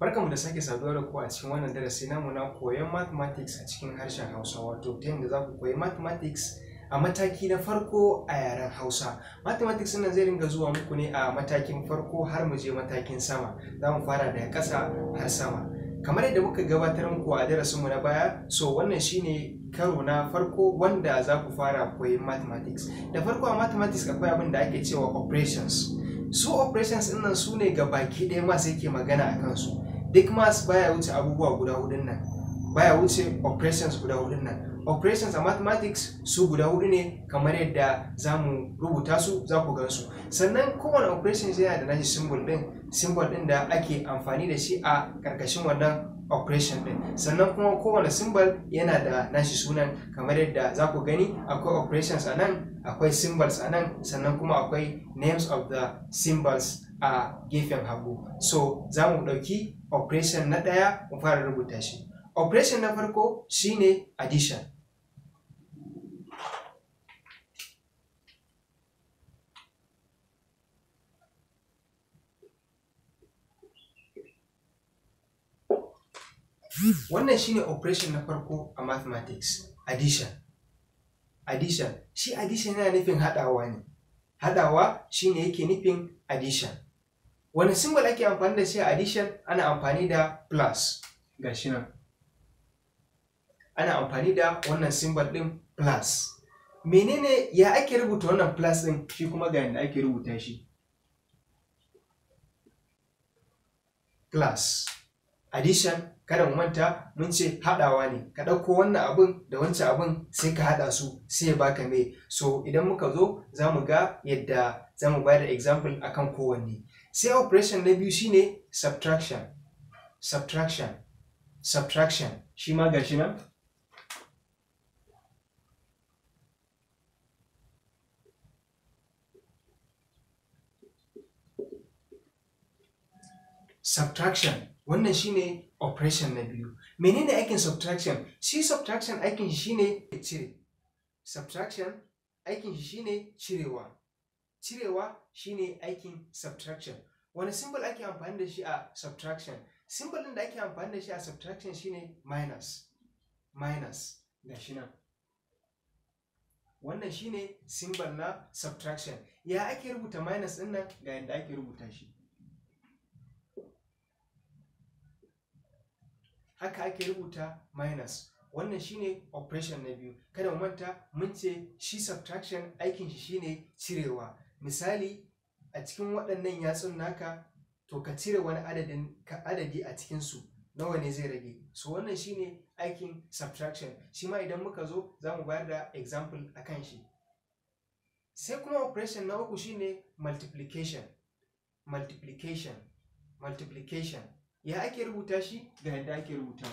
Barkanmu da sake saduwa da ku a cikin wannan darasi namu na koyon mathematics a cikin harshen Hausa wato ta yadda za ku koyi mathematics a mataki na farko a yaren Hausa. Mathematics nan zai ringa zuwa muku ne a matakin farko har mu je matakin sama. Za mu fara daga ƙasa har sama. Kamar yadda muka gabatar muku a darasin mu na baya, so wannan shine karo na farko wanda za ku fara koyi mathematics. Da farko a mathematics akwai abin da ake cewa operations. su operations ɗin nan su ne ga baki ɗaya ma yake magana a kansu duk mas baya wuce abubuwa guda hudun nan baya wuce operations guda hudun nan operations a mathematics su guda hudu ne kamar yadda za mu rubuta su za ku gansu sannan kowane operations yana da nashi symbol ɗin, symbol ɗin da ake amfani da shi a ƙarƙashin wannan operation din sannan kuma kowane symbol yana da nashi sunan kamar yadda za ku gani akwai operations a nan akwai symbols a nan sannan kuma akwai names of the symbols a gefen hagu so za mu ɗauki operation na ɗaya mu fara rubuta shi operation na farko shine addition wannan shine operation na farko a mathematics addition addition shi addition yana nufin haɗawa ne haɗawa shine yake nufin addition wani symbol ake amfani da shi a addition ana amfani da plus gashi nan ana amfani da wannan symbol ɗin plus menene ya ake rubuta wannan plus ɗin shi kuma ga yadda ake rubuta shi plus addition kada mu manta mun ce haɗawa ne ka ɗauko wannan abun da wancan abun sai ka haɗa su sai ya baka mai so idan muka zo za mu ga yadda za mu da example akan kowanne sai operation na biyu shine subtraction subtraction subtraction shi ma gashi nan subtraction wannan shine operation na biyu menene aikin subtraction shi subtraction aikin shi shine cire subtraction aikin shi shine cirewa cirewa shine aikin subtraction wani symbol ake amfani da shi a subtraction symbolin da ake amfani da shi a subtraction shine minus minus na shi nan wannan shine symbol na subtraction ya ake rubuta minus ɗin nan ga yadda ake rubuta shi haka ake rubuta minus wannan shine operation na biyu kada mu manta mun ce shi subtraction aikin shi shine cirewa misali a cikin waɗannan yatsun naka to ka cire wani adadin ka adadi a cikin su nawa ne zai rage so wannan shine aikin subtraction shi ma idan muka zo za mu bayar da example a kan shi sai kuma operation na uku shine multiplication multiplication multiplication ya ake rubuta shi ga yadda ake rubuta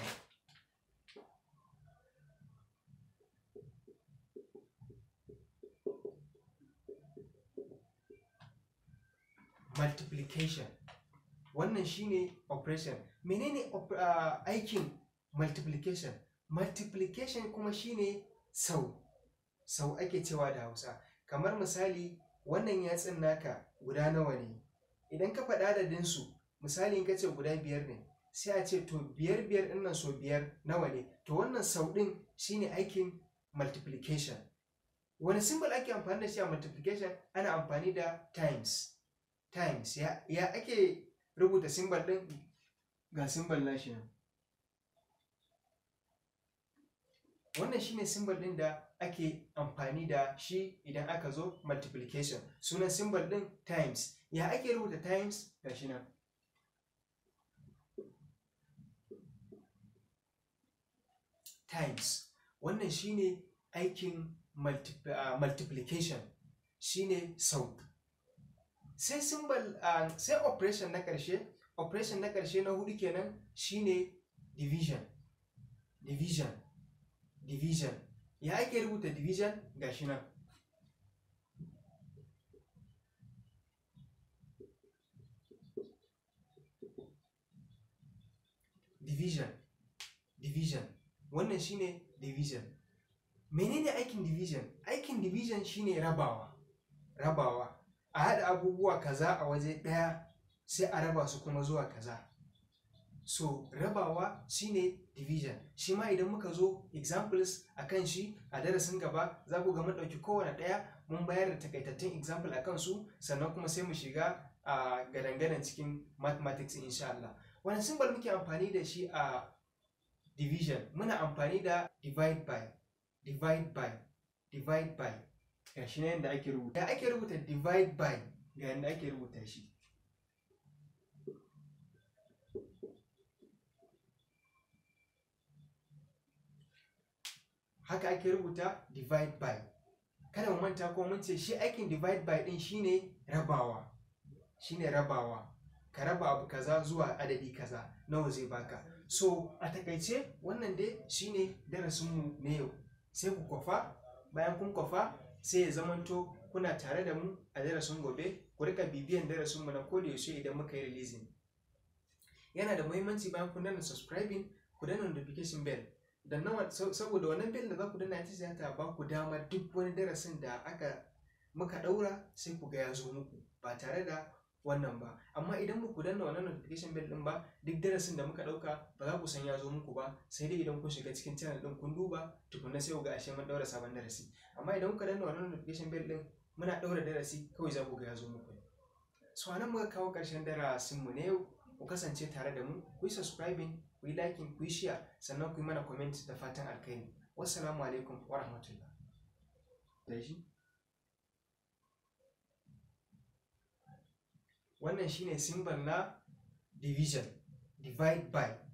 multiplication wannan shine operation menene aikin multiplication multiplication kuma shine sau sau ake cewa da hausa kamar misali wannan yatsun naka guda nawa ne idan ka faɗa adadinsu misali in ka ce guda biyar ne sai a ce to biyar biyar ɗin nan so biyar nawa ne to wannan sau ɗin shine aikin multiplication wani simbol ake amfani da shi a multiplication ana amfani da times times ya, ya ake rubuta simbol ɗin ga simbol nashi nan wannan shi ne simbol ɗin da ake amfani da shi idan aka zo multiplication sunan simbol ɗin times ya ake rubuta times ga shi nan times wannan shine aikin ah, multiplication shine sau sai symbol ah, sai operation na ƙarshe operation na ƙarshe na hudu kenan shine division division division ya ake rubuta division gashi nan shine division menene aikin division aikin division shine rabawa rabawa a haɗa abubuwa kaza a waje ɗaya sai a raba su kuma zuwa kaza so rabawa shine division shi ma idan muka zo examples a kan shi a darasin gaba za ku ga mun ɗauki kowane ɗaya mun bayar da takaitattun example a su sannan kuma sai mu shiga a gadangaren cikin mathematics insha Allah wani symbol muke amfani da shi a division muna amfani da divide by divide by divide by ga shi yadda ake rubuta ya ake rubuta divide by ga yadda ake rubuta shi haka ake rubuta divide by kada mu manta ko mun ce shi aikin divide by din shine rabawa shine rabawa ka raba abu kaza zuwa adadi kaza nawa zai baka so a takaice wannan dai shine darasinmu na yau sai ku kwafa bayan kun kwafa sai ya zamanto kuna tare da mu a darasin gobe ku rika bibiyan mu na kodayaushe idan muka yi releasing yana da muhimmanci bayan kun danna subscribing ku danna notification bell danna saboda wannan bell da za ku dana ita za ta ba ku dama duk wani darasin da aka muka daura sai ku ga ya zo muku ba tare da wannan ba amma idan ba ku danna wannan notification bell din ba duk darasin da muka dauka ba za ku san ya zo muku ba sai dai idan kun shiga cikin channel din kun duba tukunna sai ku ga ashe mun daura sabon darasi amma idan ku danna wannan notification bell din muna daura darasi kawai za ku ga ya zo muku so anan muka kawo karshen darasin mu ne ku kasance tare da mu ku yi subscribing ku yi liking ku yi share sannan ku yi mana comment da fatan alkhairi wassalamu alaikum wa rahmatullah wannan shine symbol na division divide by